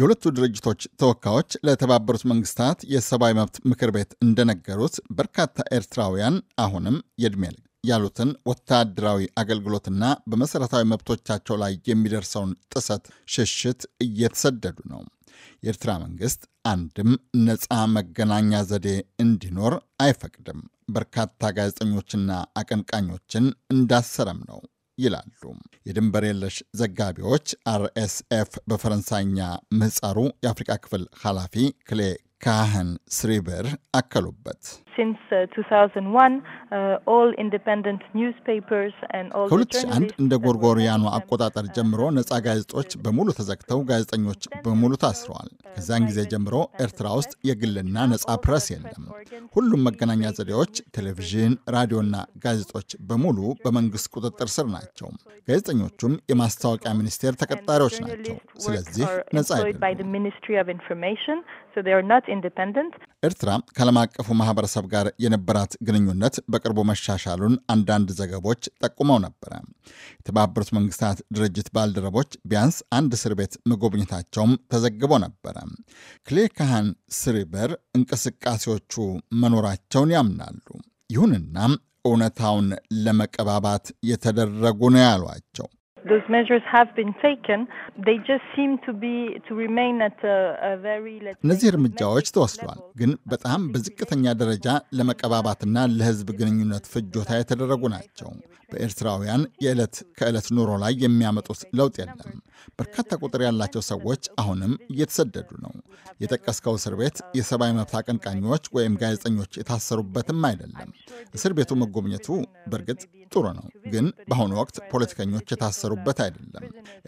የሁለቱ ድርጅቶች ተወካዮች ለተባበሩት መንግስታት የሰብአዊ መብት ምክር ቤት እንደነገሩት በርካታ ኤርትራውያን አሁንም የዕድሜ ልክ ያሉትን ወታደራዊ አገልግሎትና በመሠረታዊ መብቶቻቸው ላይ የሚደርሰውን ጥሰት ሽሽት እየተሰደዱ ነው። የኤርትራ መንግስት አንድም ነፃ መገናኛ ዘዴ እንዲኖር አይፈቅድም። በርካታ ጋዜጠኞችና አቀንቃኞችን እንዳሰረም ነው ይላሉ የድንበር የለሽ ዘጋቢዎች። አርኤስኤፍ በፈረንሳይኛ ምህፃሩ የአፍሪቃ ክፍል ኃላፊ ክሌ ካህን ስሪበር አከሉበት። uh, uh, ከ2001 እንደ ጎርጎሪያኑ አቆጣጠር ጀምሮ uh, ነፃ ጋዜጦች በሙሉ ተዘግተው ጋዜጠኞች በሙሉ ታስረዋል። ከዚያን ጊዜ ጀምሮ ኤርትራ ውስጥ የግልና ነፃ ፕረስ የለም። ሁሉም መገናኛ ዘዴዎች፣ ቴሌቪዥን፣ ራዲዮና ጋዜጦች በሙሉ በመንግስት ቁጥጥር ስር ናቸው። ጋዜጠኞቹም የማስታወቂያ ሚኒስቴር ተቀጣሪዎች ናቸው። ስለዚህ ነፃ አይደሉም። ኤርትራ ከዓለም አቀፉ ማህበረሰብ ጋር የነበራት ግንኙነት በቅርቡ መሻሻሉን አንዳንድ ዘገቦች ጠቁመው ነበረ። የተባበሩት መንግስታት ድርጅት ባልደረቦች ቢያንስ አንድ እስር ቤት መጎብኘታቸውም ተዘግቦ ነበረ። ክሌ ካህን ስሪበር እንቅስቃሴዎቹ መኖራቸውን ያምናሉ። ይሁንና እውነታውን ለመቀባባት የተደረጉ ነው ያሏቸው እነዚህ እርምጃዎች ተወስደዋል፣ ግን በጣም በዝቅተኛ ደረጃ ለመቀባባትና ለሕዝብ ግንኙነት ፍጆታ የተደረጉ ናቸው። በኤርትራውያን የዕለት ከዕለት ኑሮ ላይ የሚያመጡት ለውጥ የለም። በርካታ ቁጥር ያላቸው ሰዎች አሁንም እየተሰደዱ ነው። የጠቀስከው እስር ቤት የሰብአዊ መብት አቀንቃኞች ወይም ጋዜጠኞች የታሰሩበትም አይደለም። እስር ቤቱ መጎብኘቱ በእርግጥ ጥሩ ነው፣ ግን በአሁኑ ወቅት ፖለቲከኞች የታሰሩበት አይደለም።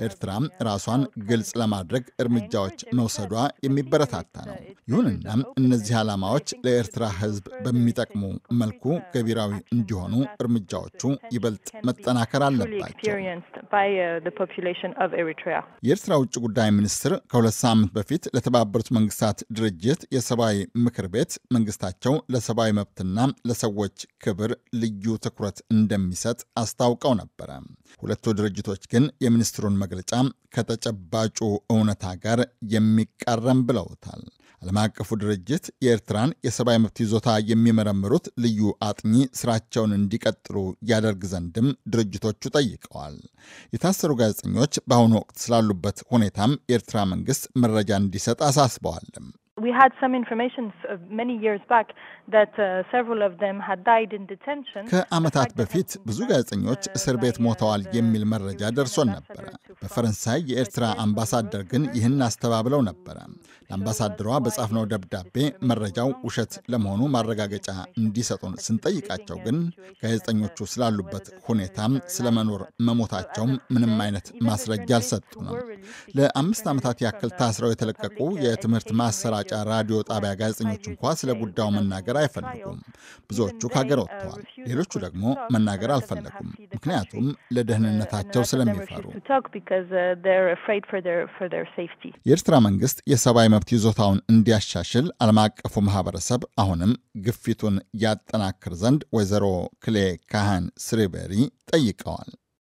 ኤርትራም ራሷን ግልጽ ለማድረግ እርምጃዎች መውሰዷ የሚበረታታ ነው። ይሁንና እነዚህ ዓላማዎች ለኤርትራ ሕዝብ በሚጠቅሙ መልኩ ገቢራዊ እንዲሆኑ እርምጃዎቹ ይበልጥ መጠናከር አለባቸው። የኤርትራ ውጭ ጉዳይ ሚኒስትር ከሁለት ሳምንት በፊት ለተባበሩት መንግስታት ድርጅት የሰብአዊ ምክር ቤት መንግስታቸው ለሰብአዊ መብትና ለሰዎች ክብር ልዩ ትኩረት እንደሚ እንደሚሰጥ አስታውቀው ነበረ። ሁለቱ ድርጅቶች ግን የሚኒስትሩን መግለጫ ከተጨባጩ እውነታ ጋር የሚቃረም ብለውታል። ዓለም አቀፉ ድርጅት የኤርትራን የሰብአዊ መብት ይዞታ የሚመረምሩት ልዩ አጥኚ ስራቸውን እንዲቀጥሉ ያደርግ ዘንድም ድርጅቶቹ ጠይቀዋል። የታሰሩ ጋዜጠኞች በአሁኑ ወቅት ስላሉበት ሁኔታም የኤርትራ መንግስት መረጃ እንዲሰጥ አሳስበዋልም። we had some information many years back that several of them had died in detention ከዓመታት በፊት ብዙ ጋዜጠኞች እስር ቤት ሞተዋል የሚል መረጃ ደርሶን ነበረ። በፈረንሳይ የኤርትራ አምባሳደር ግን ይህን አስተባብለው ነበረ። ለአምባሳደሯ በጻፍነው ደብዳቤ መረጃው ውሸት ለመሆኑ ማረጋገጫ እንዲሰጡን ስንጠይቃቸው ግን ጋዜጠኞቹ ስላሉበት ሁኔታም ስለመኖር መሞታቸውም ምንም አይነት ማስረጃ አልሰጡንም። ለአምስት ዓመታት ያክል ታስረው የተለቀቁ የትምህርት ማሰራጫ ራዲዮ ጣቢያ ጋዜጠኞች እንኳ ስለ ጉዳዩ መናገር አይፈልጉም። ብዙዎቹ ከሀገር ወጥተዋል። ሌሎቹ ደግሞ መናገር አልፈለጉም፣ ምክንያቱም ለደህንነታቸው ስለሚፈሩ Uh, የኤርትራ መንግስት የሰብአዊ መብት ይዞታውን እንዲያሻሽል ዓለም አቀፉ ማህበረሰብ አሁንም ግፊቱን ያጠናክር ዘንድ ወይዘሮ ክሌ ካህን ስሪበሪ ጠይቀዋል።